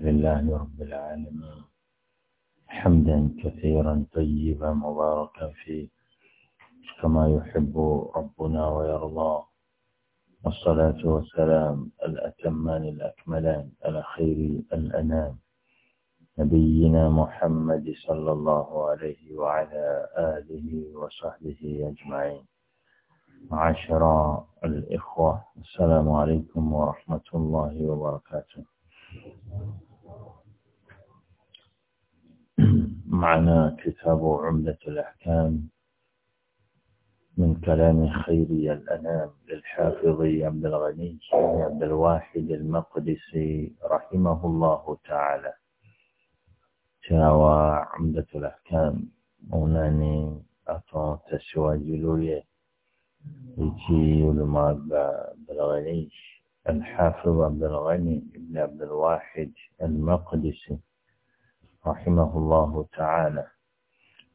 لله رب العالمين حمدا كثيرا طيبا مباركا فيه كما يحب ربنا ويرضى والصلاة والسلام الأتمان الأكملان على خير الأنام نبينا محمد صلى الله عليه وعلى آله وصحبه أجمعين معاشر الإخوة السلام عليكم ورحمة الله وبركاته معنا كتاب عمدة الأحكام من كلام خيري الأنام للحافظ عبد الغني عبد الواحد المقدسي رحمه الله تعالى تاوى عمدة الأحكام أولاني أطو تسوى لولي يجي علماء عبد الغني الحافظ عبد الغني بن عبد الواحد المقدسي rahimahullahu ta'ala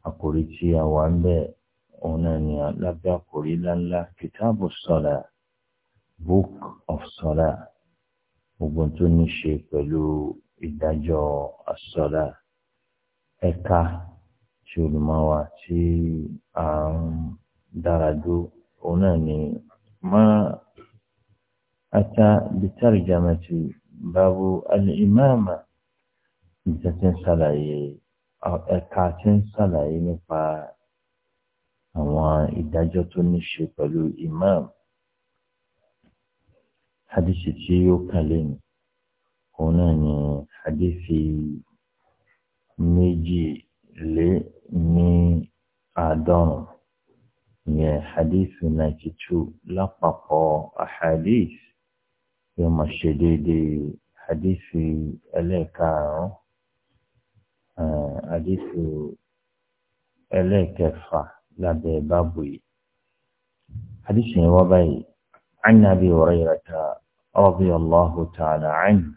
àkòrí tí a wà ń bẹ òun náà ni lábẹ́ àkòrí ńláńlá kìtàbù sọlá book of sọlá gbogbo tó ní ṣe pẹ̀lú ìdájọ́ àsọlá ẹ̀ka tí olùmọ̀wá tí a ń dára dó òun náà ni má ata bitarjamati babu al-imama nǹkan tí ń ṣàlàyé ẹ̀ka tí ń ṣàlàyé nípa àwọn ìdájọ́ tó ní ṣe pẹ̀lú imam hadisi tí ó kàn lẹ́nu òun náà ni hadisi méjì lé ní àádọ́rùn ìyẹn hadisi ninety two lápapọ̀ ahadis yóò máa ṣe déédéé hadisi ẹlẹ́ẹ̀karùn-ún. حديث ẹlẹ́ẹ̀kẹfà lábẹ́ báàbù بابوي حديث yẹn عن أبي هريرة رضي الله تعالى عنه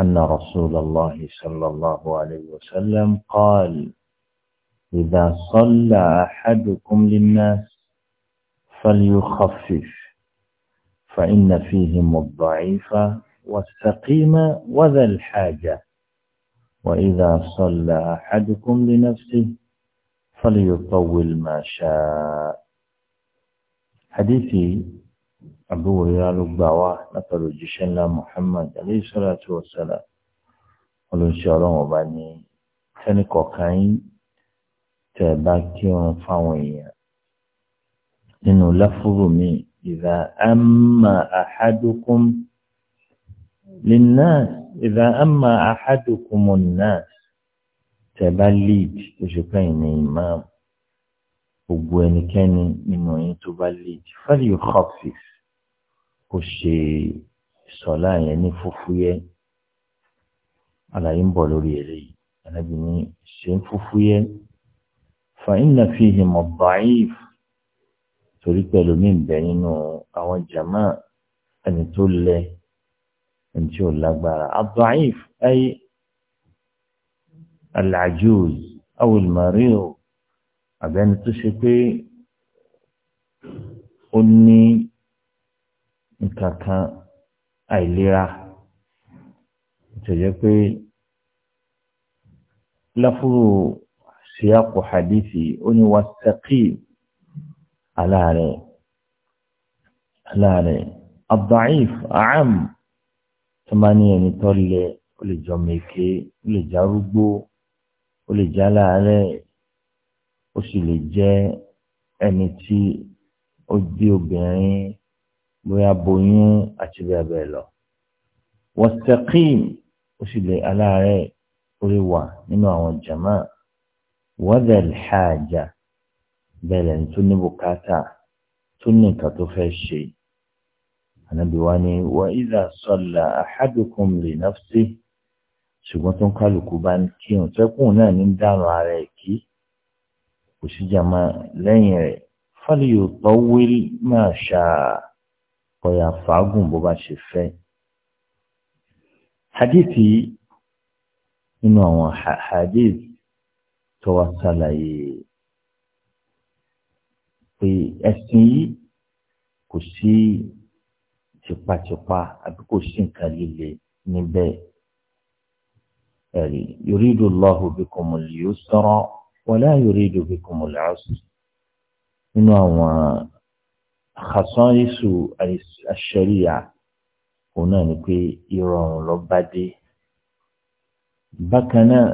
أن رسول الله صلى الله عليه وسلم قال إذا صلى أحدكم للناس فليخفف فإن فيهم الضعيف والسقيم وذا الحاجة وإذا صلى أحدكم لنفسه فليطول ما شاء حديثي أبو هريرة بوا نقل جشنا محمد عليه الصلاة والسلام قل الله وبني تاني كوكاين تباكي فاوية إنه لفظ من إذا أما أحدكم للناس ìdá àmà àhádùkùmọ̀ náà tẹ̀bá lead oṣù kẹyìn ní imam gbogbo ẹnikẹ́ni nínú yín tó bá lead fẹ́lẹ̀ khafif kò ṣe sọ̀lá yẹn ní fúfúyẹ́ àlàyé ń bọ̀ lórí eléyìí ànábì ní ṣe ń fúfúyẹ́ fa inna fihim ad-da'if torí pẹ̀lú mi bẹ̀ nínú àwọn jàmá ẹni tó lẹ́ẹ̀ ntí ò lágbára abdu'if ay alajuz aw almarid abẹni tó ṣe pé ó ní nǹkan kan àìlera tó jẹ́ pé láfúrò síyàpò hadithi ó ní wàsàkì aláàrẹ aláàrẹ abdu'if a'am tó máa ní ẹni tó lẹ ó lè jọ mèké ó lè já rúgbó ó lè já láàárẹ̀ ó sì lè jẹ́ ẹni tí ó bí obìnrin bóyá boyún àti bẹ́ẹ̀ bẹ́ẹ̀ lọ. wastaqim ó sì lè aláàárẹ̀ ó lè wà nínú àwọn jama wadhal haja bẹ́ẹ̀ lẹ́ni tó ní bùkátà tó ní nǹkan tó fẹ́ ṣe ànábì wa ni wà ìlà sọlá àhádùkùn lè náfṣe ṣùgbọ́n tó ń kálukú bá ń kírun tẹ́kùn náà ní dànù ara ẹ̀ kí kò sí jàmá lẹ́yìn rẹ̀ fáliyò tọ́wél máa ṣá ọ̀yà fàágùn bó bá ṣe fẹ́. hadithi nínú àwọn hadith tó wá ṣàlàyé pé ẹ̀sìn yìí kò sí tipátipá àbí kò sí nǹkan líle níbẹ̀. ẹ̀rí yuridu Allahu bikumul yusra wala yuridu bikumul usra. nínú àwọn àkàsọ́yìísù àṣẹríyà òun náà ni pé ìrọ̀rùn ló bá dé. bákan náà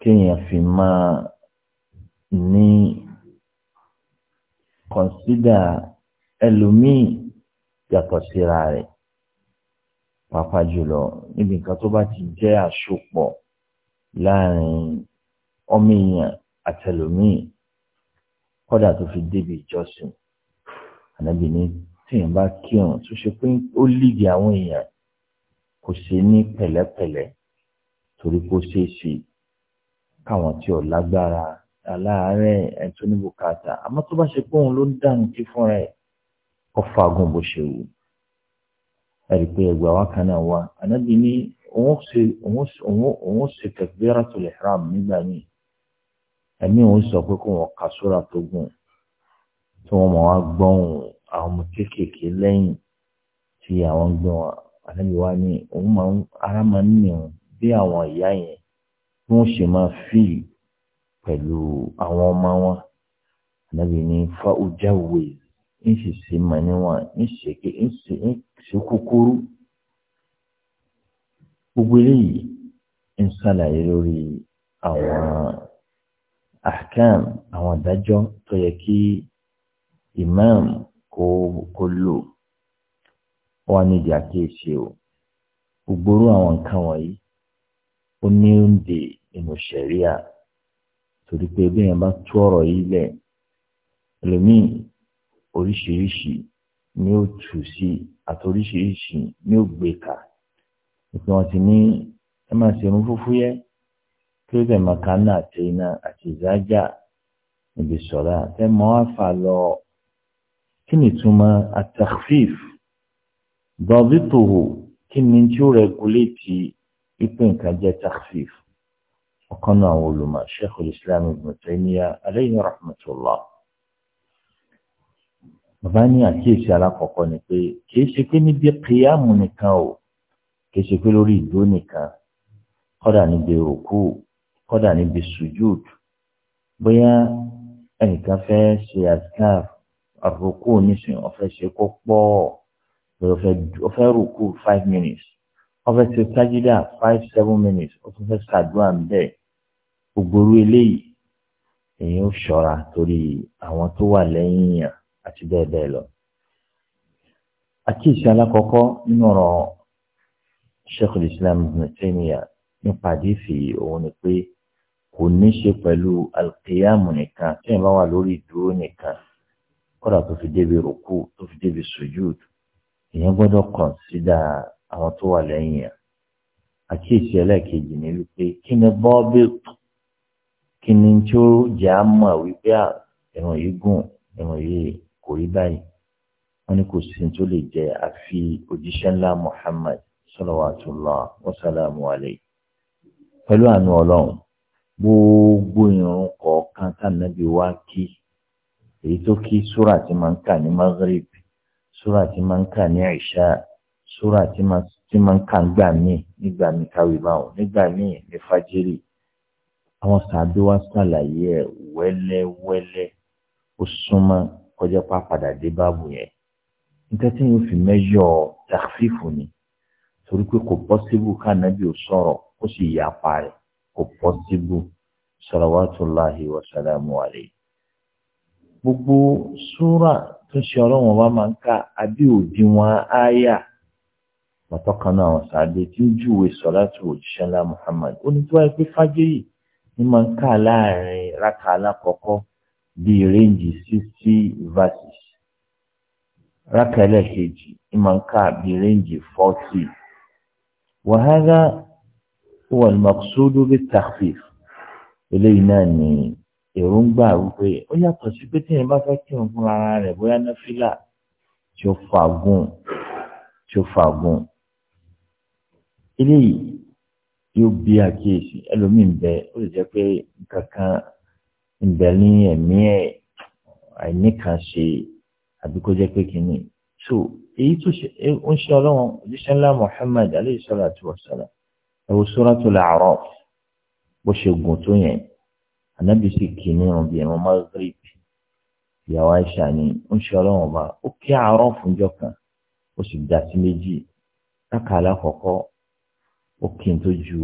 kéèyàn fi máa ní kọ̀nsídà ẹlòmíì yàtọ̀ síra rẹ̀ pàápàá jùlọ níbi nǹkan tó bá ti jẹ́ àsopọ̀ láàrin ọmọ èèyàn àtẹlòmíì kódà tó fi débi ìjọsìn ànábì ní tíyẹn bá kírun tó ṣe pé ó lìdí àwọn èèyàn kò ṣe ní pẹ̀lẹ́pẹ̀lẹ́ torí kó ṣeé ṣe káwọn tí ò lágbára aláàárẹ̀ ẹ̀ tó ní bùkátà àmọ́ tó bá ṣe pé òun ló ń dáhùn kí fúnra ẹ̀ kọ́ fagùn bó ṣe wù ẹ̀rí pé ẹgbẹ́ wa kan náà wá ànábì ní òun ṣe takbiratul ihram nígbà míì ẹ̀mí òun sọ pé kó wọn kà sóra tó gùn tí wọ́n mọ̀ wá gbọ́n àwọn ọmọ kéékèèké lẹ́yìn tí àwọn ń gbọ́n ànábì wa ní òun máa ń ara máa ń nìyẹn bí àwọn ìyá yẹn bí wọ́n ṣe máa fíìlì pẹ̀lú àwọn ọmọ wọn ànábì ní fa ojá wèé ń sì sí mọ níwọ̀n ń sì ń sì ń sì kúkúrú gbogbo eléyìí ń ṣàlàyé lórí àwọn ahkam àwọn adájọ́ tó yẹ kí imam kó kó lò wọ́n nídìí àkíyèsí o gbogbo àwọn nǹkan wọ̀nyí ó ní oúnjẹ nínú ṣẹ̀ríà torí pé bí èèyàn bá tú ọ̀rọ̀ yìí lẹ̀ ẹlòmíì oríṣiríṣi ní ó tù sí àti oríṣiríṣi ní ó gbé kà ìpín wọn ti ní ẹ máa ṣe irun fúfú yẹ kí ó bẹ̀ máa ka náà àti iná àti ìzájà níbi sọ̀rọ̀ àtẹ mọ́ àfà lọ kí ni ìtumọ̀ àtàkfíf dọ̀bítòhò kí ni tí ó rẹguléètì ìpín nǹkan jẹ́ tàkfíf ọ̀kan náà àwọn olùmọ̀ Sheikhul Islam Ibn Taymiyyah alayhi rahmatullah bàbá ní àkíyèsí alákọ̀ọ́kọ́ ni pé kìí ṣe pé níbi kíyàmù nìkan o kìí ṣe pé lórí ìdó nìkan kọ́dà níbi òkú kọ́dà níbi sujud bóyá ẹnìkan fẹ́ ṣe àtikáf àrùkù nísìn ọ̀fẹ́ ṣe kó pọ̀ ọ̀fẹ́ rùkù five minutes ọ̀fẹ́ ṣe sájídà five seven minutes ọ̀fẹ́ fẹ́ ṣàdúrà bẹ́ẹ̀ gbogbo orí eléyìí èyí ó ṣọ́ra torí àwọn tó wà lẹ́yìn yàn àti bẹ́ẹ̀ bẹ́ẹ̀ lọ. àkíyèsí alákọ̀ọ́kọ́ nínú ọ̀rọ̀ sheikh islam ibn taymiya nípa àdìsí òun ni pé kò ní ṣe pẹ̀lú alqiyamu nìkan tí ìyẹn bá wà lórí ìdúró nìkan kódà tó fi débi rùkú tó fi débi sujud ìyẹn gbọ́dọ̀ kọ̀nsídà àwọn tó wà lẹ́yìn yẹn àkíyèsí ẹlẹ́ẹ̀kejì ni wípé kí ni bọ́ọ̀bì kí ni tí ó jẹ́ àmọ́ wípé ẹ̀rùn yìí gùn ẹ̀rùn yìí kò rí báyìí wọ́n ní kò sí tó lè jẹ́ àfi òjíṣẹ́ ńlá Muhammad salawatullah wa salamu alayhi pẹ̀lú àánú ọlọ́run gbogbo ìrun kọ̀ọ̀kan tànàbí wá kí èyí tó kí súrà tí máa ń kà ní maghrib súrà tí máa ń kà ní ìṣá súrà tí máa ń kà nígbà míì nígbà míì káwé báwọn nígbà míì ní fájírì àwọn sàbí sàlàyé ẹ̀ wẹ́lẹ́wẹ́lẹ́ ó súnmọ́ kọjá pa padà dé báàbù yẹn nǹkan tí yóò fi mẹ́jọ tàfífù ni torí pé kò pọ́síbù kánábì ò sọ̀rọ̀ ó sì yà pa rẹ̀ kò pọ́síbù salawatullahi wa salamu alayhi. gbogbo súrà tó ṣe ọlọ́wọ́n bá máa ń ka àbí òdiwọ̀n áyà pàtọ́kan náà àwọn sàádé tí ń júwe sọ́látù òjíṣẹ́ ńlá Muhammad ó ní tí wáyé pé fájírì ní máa ń kà láàrin rákà alákọ̀ọ́kọ́ bí range sixty verses rákà ẹlẹ́ẹ̀kejì ìmọ̀nká bí range forty wàhálà wọn mọ̀kúsódó bí takhfif eléyìí náà ní èròǹgbà wípé ó yàtọ̀ sí pé téèyàn bá fẹ́ kírun fún ara rẹ̀ bóyá náfìlà tí ó fagún tí ó fagún eléyìí yóò bí àkíyèsí ẹlòmíín bẹ ó lè jẹ́ pé nǹkan ń bẹ ní ẹ̀mí ẹ̀ àìníkànṣe àbí kó jẹ́ pé kínní so èyí tó ń ṣe ọlọ́wọ́n òjíṣẹ́ ńlá Muhammad alayhi salatu wa salam ẹ̀wọ̀ suratul A'raf bó ṣe gùn tó yẹn ànábì sì kì ní ọ̀bì ẹ̀rọ Maghrib ìyàwó Aisha ni ń ṣe ọlọ́wọ́n ọba ó kí A'raf fúnjọ́ kan ó sì dá sí méjì káka alákọ̀ọ́kọ́ ó kí n tó ju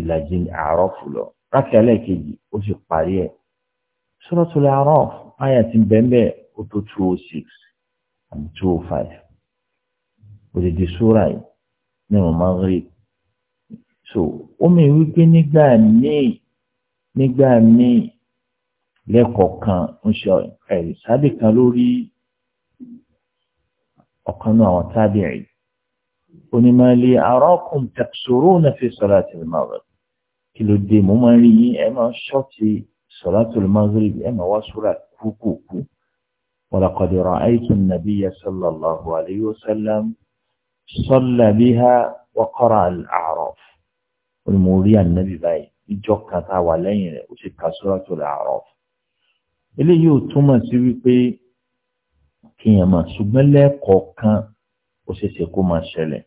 ìlàjì A'raf lọ rákà ẹlẹ́ẹ̀kejì ó sì parí ẹ̀ Suratul A'raf àyà ti bẹ́ẹ̀ ó tó two oh six àbí two oh five òdìdí súrà yìí ní ìwọ̀n Maghrib so omi wípé nígbà míì nígbà míì lẹ́kọ̀ọ̀kan ń ṣe ẹ̀rí sábì kan lórí ọ̀kan náà àwọn tábìrì onímọ̀lẹ́ arákùn tẹ̀sọ̀rọ̀ náà fi salatil Maghrib kí ló dé mo máa ń rí yín ẹ máa ń ṣọ́ọ̀tì sọ̀látùl maghrib ẹ máa wá súra kúkúkú walaqad ra'aytu an-nabiyya sallallahu alayhi wa sallam salla biha wa qara'a al-a'raf ó ní mo rí ànábì báyìí ìjọ kan tá a wà lẹ́yìn rẹ̀ ó sì ka suratul a'raf eléyìí ò túmọ̀ sí wípé kéèyàn máa ṣùgbọ́n lẹ́ẹ̀kọ̀ọ̀kan ó ṣeé ṣe kó máa ṣẹlẹ̀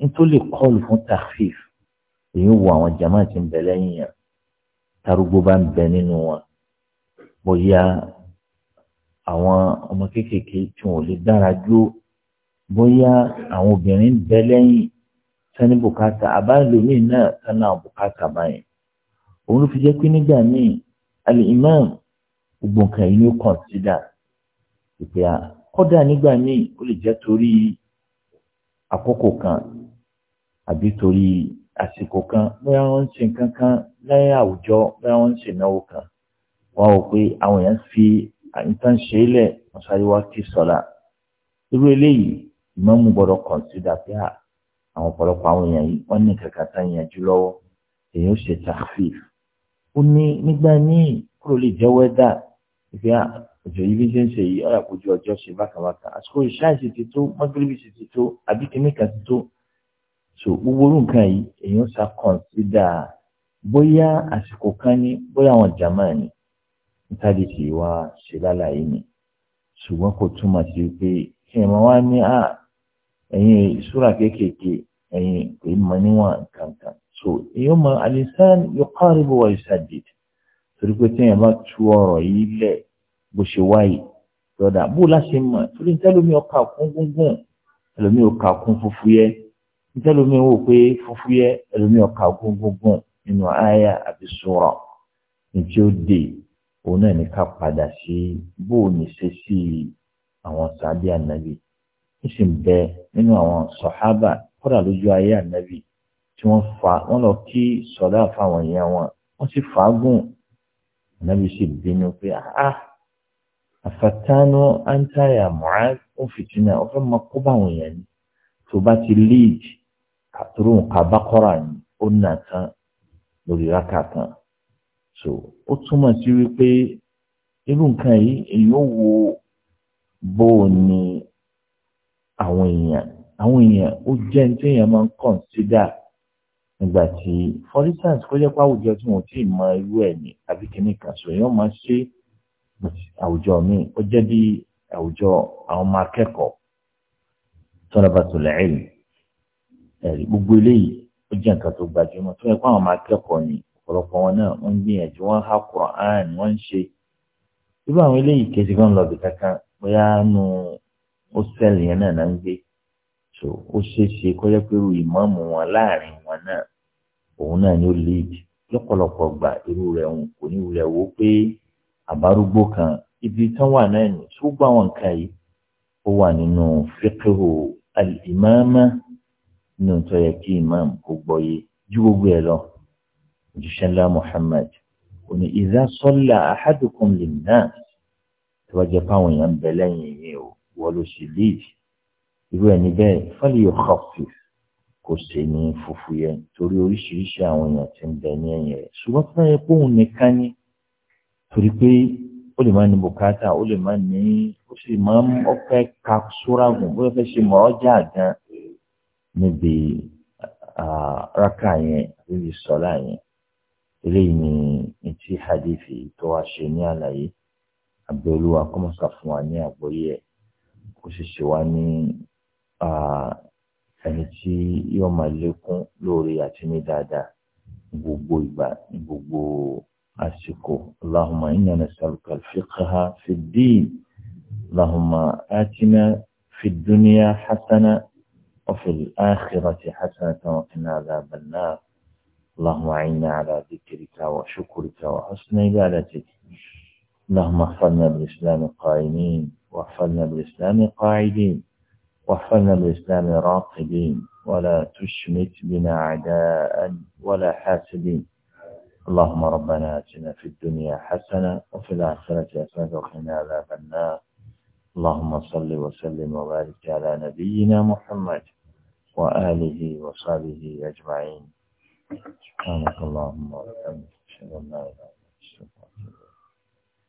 nítorí lè kọlù fún tàfíf èyí wo àwọn jama ti ń bẹ lẹ́yìn yẹn tarugbo bá ń bẹ nínú wọn bóyá àwọn ọmọ kéékèèké tí wọn ò lè dára dúró bóyá àwọn obìnrin ń bẹ lẹ́yìn sani bùkátà àbálòmíì náà sani àwọn bùkátà báyìí òun ló fi jẹ́ pé nígbà míì al-imam gbogbo yìí ni ó consider ìpè kódà nígbà míì ó lè jẹ́ torí àkókò kan àbí torí àsìkò kan bóyá wọ́n ń ṣe nǹkan kan lẹ́yìn àwùjọ bóyá wọ́n ń ṣe ìnáwó kan wọ́n wò pé àwọn èèyàn fi nǹkan ṣe é lẹ̀ wọ́n sáré wá kí sọ́la irú eléyìí ìmáàmù gbọ́dọ̀ kọ̀ǹsídà pé àwọn ọ̀pọ̀lọpọ̀ àwọn èèyàn yìí wọ́n ní kankan tá ìyànjú lọ́wọ́ èèyàn ó ṣe tàfíf ó ní nígbà míì kúrò lè jẹ́ wẹ́dà ìfẹ́ òjò yìí bí ṣe ń ṣe yìí ọ̀rọ̀ àpòjù ọjọ́ ṣe bákàbákà àsìkò ìṣáàṣì ti tó mọ́gíríbì sì ti tó àbí kìnnìkan ti tó so gbogbo orú nǹkan yìí èèyàn ṣá kọ̀ǹsídà bóyá àsìkò kan ní bóyá àwọn jàmá ni nítàdí sì wá ṣe lálàyé ni ṣùgbọ́n kò túmọ̀ sí pé kí ẹ̀ máa wá ní à ẹ̀yin ìṣúra kéékèèké ẹ̀yin kò í mọ níwọ̀n kankan so èèyàn mọ alisan yuqaribu wa yusaddid torí pé tí èèyàn bá tú ọ̀rọ̀ yìí lẹ̀ bó ṣe wáyé lọ́dà bó láṣẹ mọ̀ torí ní tẹ́lómi ọkà kún gúngún tẹ́lómi ọkà kún fúfúyẹ́ ntẹ́lómi wò pé fúfú yẹ ẹlòmí ọ̀ka gúngúngún nínú àyà àti sùúrà nítí ó dé òun náà ní ká padà sí bóò ní ṣe sí àwọn sábẹ́ ànábì ó sì ń bẹ nínú àwọn sọ̀hábà kódà lójú ayé ànábì tí wọ́n fa wọ́n lọ kí sọ̀dá fáwọn èèyàn wọn wọ́n sì fàágùn ànábì sì bínú pé ah àfàtánú àǹtáyà Mu'adh ó fìtínà ó fẹ́ máa kó báwọn èèyàn ni tó bá ti lead kàtúrò nǹkan abákọ́ra ni ó nà tán lórí rákà so ó túmọ̀ sí wípé irú nǹkan yìí èyí ó wo bó o àwọn èèyàn àwọn èèyàn ó jẹ́ ní tí máa ń kọ̀ǹsídà nígbà tí for instance kó jẹ́ pé àwùjọ tí wọ́n ti mọ irú ẹ̀ ní àbí kìíní kan so èèyàn máa ṣe àwùjọ míì ó jẹ́ bí àwùjọ àwọn ọmọ akẹ́kọ̀ọ́ tọ́lábàtò lẹ́yìn ẹ̀rí gbogbo eléyìí ó jẹ́ nǹkan tó gbajúmọ̀ tó yẹ kó àwọn máa kẹ́kọ̀ọ́ ni ọ̀pọ̀lọpọ̀ wọn náà wọ́n ń gbìyànjú wọ́n há Qur'an wọ́n ń ṣe irú àwọn eléyìí kejì kan lọ kankan bóyá nu yẹn náà náà ń gbé so ó ṣeé ṣe kó yẹ wọn láàrin wọn náà òun ni ó lọ́pọ̀lọpọ̀ gbà irú rẹ̀ kò ní rẹ̀ wó kan ibi tán wà náà nù tó gbà wọn yìí ó wà nínú nínú tó yẹ kí imam kó gbọ́yé ju gbogbo ẹ̀ lọ òjíṣẹ́ ńlá Muhammad òní ìdá sọ́là ahadukum linnas tó bá jẹ́ fáwọn èèyàn bẹ lẹ́yìn yìí o wọ́n ló sì léèdì irú ẹni bẹ́ẹ̀ fọ́lì yóò khaffif kò ṣe ní fufu yẹn torí oríṣiríṣi àwọn èèyàn ti ń bẹ ní ẹ̀yìn rẹ̀ ṣùgbọ́n tó bá pé òun nìkan ni torí pé ó lè máa ní bùkátà ó lè máa ní ó sì máa ń ọpẹ́ ka súragùn bóyá fẹ́ ṣe mọ́ ọjà gan-an níbi rákà yẹn àbíbi sọ́lá yẹn eléyìí ni etí hadithi tó wá ṣe ní àlàyé àbẹ̀olúwa kọ́mọ́sà fún wa ní àgbọ́yé ẹ̀ kó sì ṣe wá ní ẹni tí yóò máa lékún lóore àti ní dáadáa ní gbogbo ìgbà gbogbo àsìkò allahumma inna nasaluka alfiqha fi ddin allahumma atina fi وفي الآخرة حسنة وقنا عذاب النار اللهم أعنا على ذكرك وشكرك وحسن عبادتك اللهم احفظنا بالإسلام قائمين واحفظنا بالإسلام قاعدين واحفظنا بالإسلام راقدين ولا تشمت بنا أعداء ولا حاسدين اللهم ربنا آتنا في الدنيا حسنة وفي الآخرة حسنة وقنا عذاب النار اللهم صل وسلم وبارك على نبينا محمد وآله وصحبه أجمعين سبحانك اللهم وبحمدك أشهد أن لا إله إلا أنت